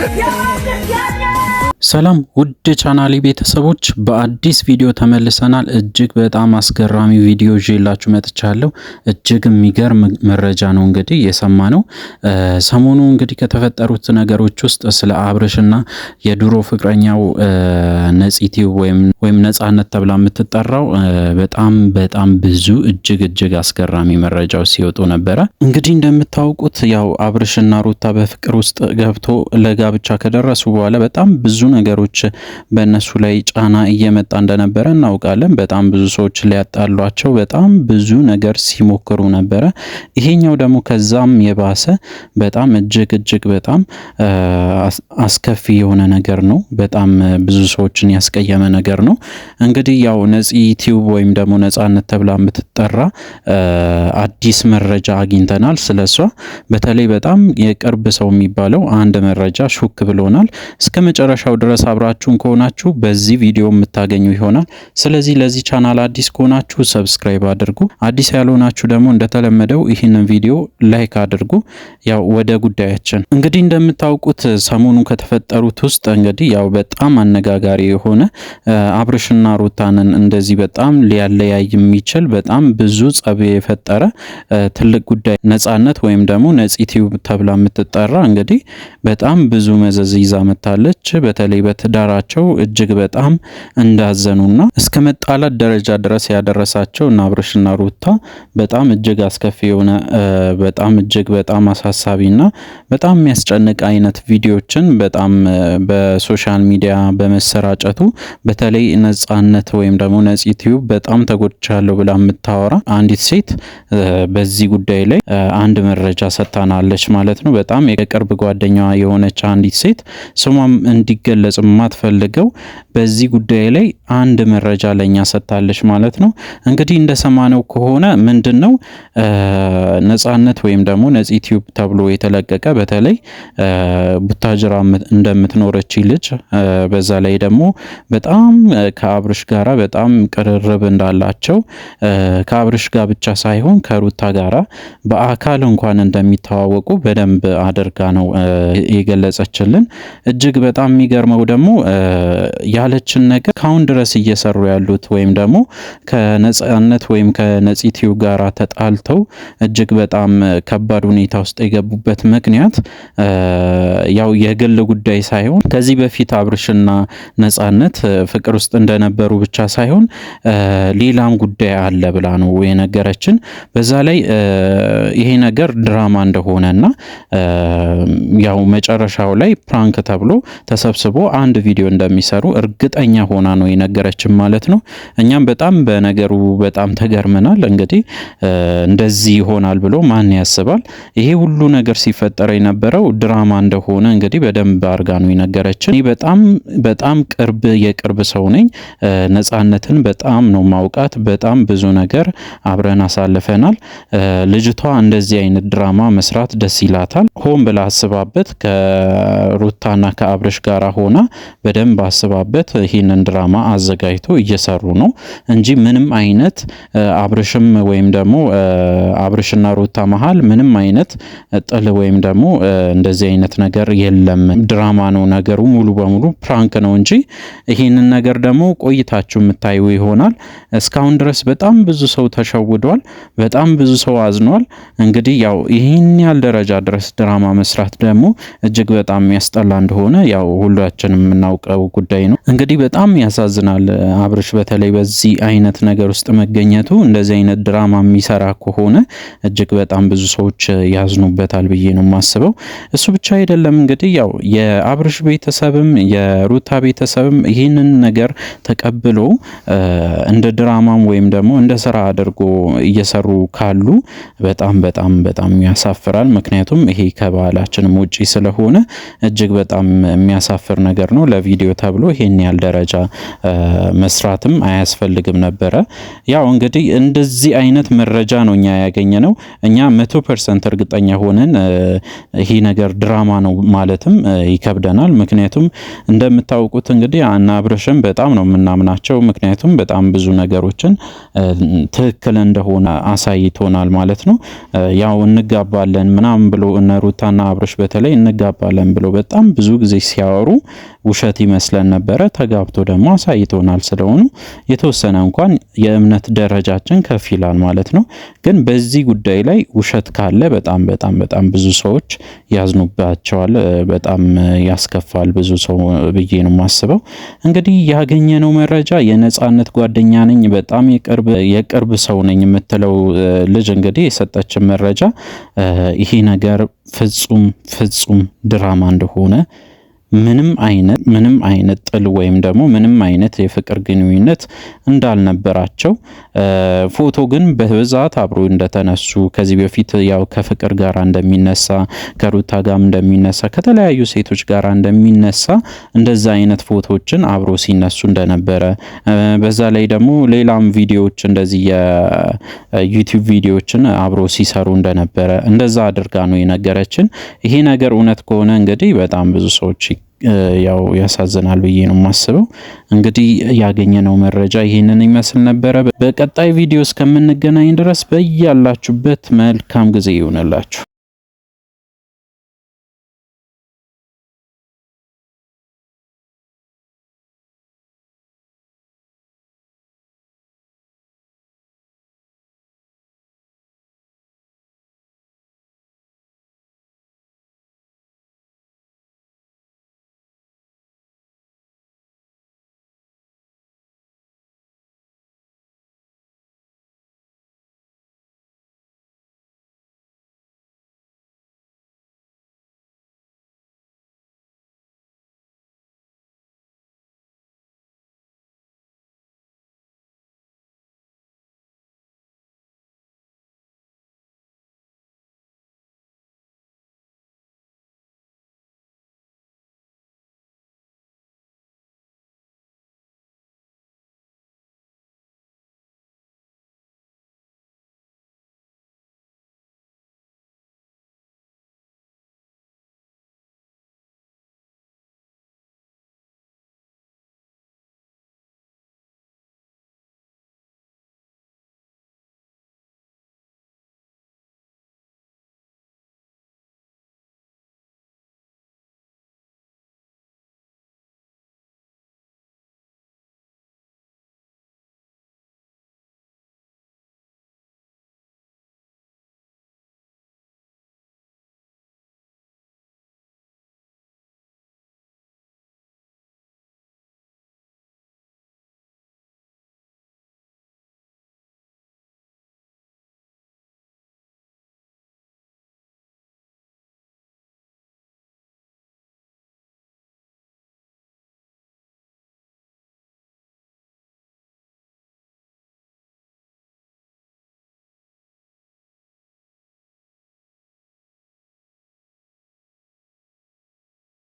Yeah, yes. ሰላም ውድ ቻናሊ ቤተሰቦች በአዲስ ቪዲዮ ተመልሰናል። እጅግ በጣም አስገራሚ ቪዲዮ ይዤላችሁ መጥቻለሁ። እጅግ የሚገርም መረጃ ነው እንግዲህ የሰማ ነው። ሰሞኑ እንግዲህ ከተፈጠሩት ነገሮች ውስጥ ስለ አብርሽና የድሮ ፍቅረኛው ነፂቲ ወይም ነጻነት ተብላ የምትጠራው በጣም በጣም ብዙ እጅግ እጅግ አስገራሚ መረጃው ሲወጡ ነበረ። እንግዲህ እንደምታውቁት ያው አብርሽና ሩታ በፍቅር ውስጥ ገብቶ ለጋብቻ ከደረሱ በኋላ በጣም ብዙ ነው ነገሮች በእነሱ ላይ ጫና እየመጣ እንደነበረ እናውቃለን። በጣም ብዙ ሰዎች ሊያጣሏቸው በጣም ብዙ ነገር ሲሞክሩ ነበረ። ይሄኛው ደግሞ ከዛም የባሰ በጣም እጅግ እጅግ በጣም አስከፊ የሆነ ነገር ነው። በጣም ብዙ ሰዎችን ያስቀየመ ነገር ነው። እንግዲህ ያው ነጽ ዩቲዩብ ወይም ደግሞ ነጻነት ተብላ የምትጠራ አዲስ መረጃ አግኝተናል ስለሷ። በተለይ በጣም የቅርብ ሰው የሚባለው አንድ መረጃ ሹክ ብሎናል። እስከ መጨረሻው ድረስ ድረስ አብራችሁን ከሆናችሁ በዚህ ቪዲዮ የምታገኙ ይሆናል። ስለዚህ ለዚህ ቻናል አዲስ ከሆናችሁ ሰብስክራይብ አድርጉ። አዲስ ያልሆናችሁ ደግሞ እንደተለመደው ይህንን ቪዲዮ ላይክ አድርጉ። ያው ወደ ጉዳያችን እንግዲህ እንደምታውቁት ሰሞኑን ከተፈጠሩት ውስጥ እንግዲህ ያው በጣም አነጋጋሪ የሆነ አብርሽና ሩታንን እንደዚህ በጣም ሊያለያይ የሚችል በጣም ብዙ ጸብ የፈጠረ ትልቅ ጉዳይ ነጻነት ወይም ደግሞ ነፂ ቲዩብ ተብላ የምትጠራ እንግዲህ በጣም ብዙ መዘዝ ይዛ መታለች። በተለይ በትዳራቸው እጅግ በጣም እንዳዘኑና እስከ መጣላት ደረጃ ድረስ ያደረሳቸው እና አብርሽና ሩታ በጣም እጅግ አስከፊ የሆነ በጣም እጅግ በጣም አሳሳቢና በጣም የሚያስጨንቅ አይነት ቪዲዮችን በጣም በሶሻል ሚዲያ በመሰራጨቱ በተለይ ነጻነት ወይም ደግሞ ነጽ ዩቲዩብ በጣም ተጎድቻለሁ ብላ የምታወራ አንዲት ሴት በዚህ ጉዳይ ላይ አንድ መረጃ ሰጥታናለች ማለት ነው። በጣም የቅርብ ጓደኛዋ የሆነች አንዲት ሴት ስሟም እንዲገለጽ መግለጽ የማትፈልገው በዚህ ጉዳይ ላይ አንድ መረጃ ለኛ ሰጥታለች ማለት ነው። እንግዲህ እንደሰማነው ከሆነ ምንድን ነው ነጻነት ወይም ደግሞ ነጽ ዩቲዩብ ተብሎ የተለቀቀ በተለይ ቡታጅራ እንደምትኖረች ልጅ በዛ ላይ ደግሞ በጣም ከአብርሽ ጋራ በጣም ቅርርብ እንዳላቸው ከአብርሽ ጋር ብቻ ሳይሆን ከሩታ ጋራ በአካል እንኳን እንደሚተዋወቁ በደንብ አድርጋ ነው የገለጸችልን። እጅግ በጣም የሚገርመው ደግሞ ያለችን ነገር ካሁን ድረስ ድረስ እየሰሩ ያሉት ወይም ደግሞ ከነጻነት ወይም ከነፂቲው ጋር ተጣልተው እጅግ በጣም ከባድ ሁኔታ ውስጥ የገቡበት ምክንያት ያው የግል ጉዳይ ሳይሆን ከዚህ በፊት አብርሽና ነጻነት ፍቅር ውስጥ እንደነበሩ ብቻ ሳይሆን ሌላም ጉዳይ አለ ብላ ነው የነገረችን። በዛ ላይ ይሄ ነገር ድራማ እንደሆነ ያው መጨረሻው ላይ ፕራንክ ተብሎ ተሰብስቦ አንድ ቪዲዮ እንደሚሰሩ እርግጠኛ ሆና ነው አልተናገረችም ማለት ነው። እኛም በጣም በነገሩ በጣም ተገርመናል። እንግዲህ እንደዚህ ይሆናል ብሎ ማን ያስባል? ይሄ ሁሉ ነገር ሲፈጠረ የነበረው ድራማ እንደሆነ እንግዲህ በደንብ አርጋ ነው የነገረችን። እኔ በጣም በጣም ቅርብ የቅርብ ሰው ነኝ። ነጻነትን በጣም ነው ማውቃት። በጣም ብዙ ነገር አብረን አሳልፈናል። ልጅቷ እንደዚህ አይነት ድራማ መስራት ደስ ይላታል። ሆን ብላ አስባበት ከሩታና ከአብረሽ ጋር ሆና በደንብ አስባበት ይህንን ድራማ አዘጋጅተው እየሰሩ ነው እንጂ ምንም አይነት አብርሽም ወይም ደግሞ አብርሽና ሩታ መሀል ምንም አይነት ጥል ወይም ደግሞ እንደዚህ አይነት ነገር የለም። ድራማ ነው ነገሩ ሙሉ በሙሉ ፕራንክ ነው እንጂ ይህንን ነገር ደግሞ ቆይታችሁ የምታዩ ይሆናል። እስካሁን ድረስ በጣም ብዙ ሰው ተሸውዷል። በጣም ብዙ ሰው አዝኗል። እንግዲህ ያው ይህን ያህል ደረጃ ድረስ ድራማ መስራት ደግሞ እጅግ በጣም የሚያስጠላ እንደሆነ ያው ሁላችንም የምናውቀው ጉዳይ ነው። እንግዲህ በጣም ያሳዝ ያሳዝናል። አብርሽ በተለይ በዚህ አይነት ነገር ውስጥ መገኘቱ እንደዚህ አይነት ድራማ የሚሰራ ከሆነ እጅግ በጣም ብዙ ሰዎች ያዝኑበታል ብዬ ነው የማስበው። እሱ ብቻ አይደለም እንግዲህ ያው የአብርሽ ቤተሰብም የሩታ ቤተሰብም ይህንን ነገር ተቀብሎ እንደ ድራማም ወይም ደግሞ እንደ ስራ አድርጎ እየሰሩ ካሉ በጣም በጣም በጣም ያሳፍራል። ምክንያቱም ይሄ ከባህላችንም ውጪ ስለሆነ እጅግ በጣም የሚያሳፍር ነገር ነው። ለቪዲዮ ተብሎ ይሄን ያህል ደረጃ መስራትም አያስፈልግም ነበረ። ያው እንግዲህ እንደዚህ አይነት መረጃ ነው እኛ ያገኘ ነው። እኛ መቶ ፐርሰንት እርግጠኛ ሆነን ይሄ ነገር ድራማ ነው ማለትም ይከብደናል። ምክንያቱም እንደምታውቁት እንግዲህ እና አብረሽም በጣም ነው የምናምናቸው። ምክንያቱም በጣም ብዙ ነገሮችን ትክክል እንደሆነ አሳይቶናል ማለት ነው። ያው እንጋባለን ምናምን ብሎ እነ ሩታና አብረሽ በተለይ እንጋባለን ብሎ በጣም ብዙ ጊዜ ሲያወሩ ውሸት ይመስለን ነበረ። ተጋብቶ ደግሞ አሳይ አሳይቶናል። ስለሆኑ የተወሰነ እንኳን የእምነት ደረጃችን ከፍ ይላል ማለት ነው። ግን በዚህ ጉዳይ ላይ ውሸት ካለ በጣም በጣም በጣም ብዙ ሰዎች ያዝኑባቸዋል፣ በጣም ያስከፋል ብዙ ሰው ብዬ ነው የማስበው። እንግዲህ ያገኘነው መረጃ የነጻነት ጓደኛ ነኝ በጣም የቅርብ ሰው ነኝ የምትለው ልጅ እንግዲህ የሰጠችን መረጃ ይሄ ነገር ፍጹም ፍጹም ድራማ እንደሆነ ምንም አይነት ምንም አይነት ጥል ወይም ደግሞ ምንም አይነት የፍቅር ግንኙነት እንዳልነበራቸው ፎቶ ግን በብዛት አብሮ እንደተነሱ ከዚህ በፊት ያው ከፍቅር ጋር እንደሚነሳ ከሩታ ጋም እንደሚነሳ ከተለያዩ ሴቶች ጋር እንደሚነሳ እንደዛ አይነት ፎቶዎችን አብሮ ሲነሱ እንደነበረ በዛ ላይ ደግሞ ሌላም ቪዲዮዎች እንደዚህ የዩቲዩብ ቪዲዮዎችን አብሮ ሲሰሩ እንደነበረ እንደዛ አድርጋ ነው የነገረችን። ይሄ ነገር እውነት ከሆነ እንግዲህ በጣም ብዙ ሰዎች ያው ያሳዝናል ብዬ ነው የማስበው። እንግዲህ ያገኘነው መረጃ ይህንን ይመስል ነበረ። በቀጣይ ቪዲዮ እስከምንገናኝ ድረስ በያላችሁበት መልካም ጊዜ ይሆንላችሁ።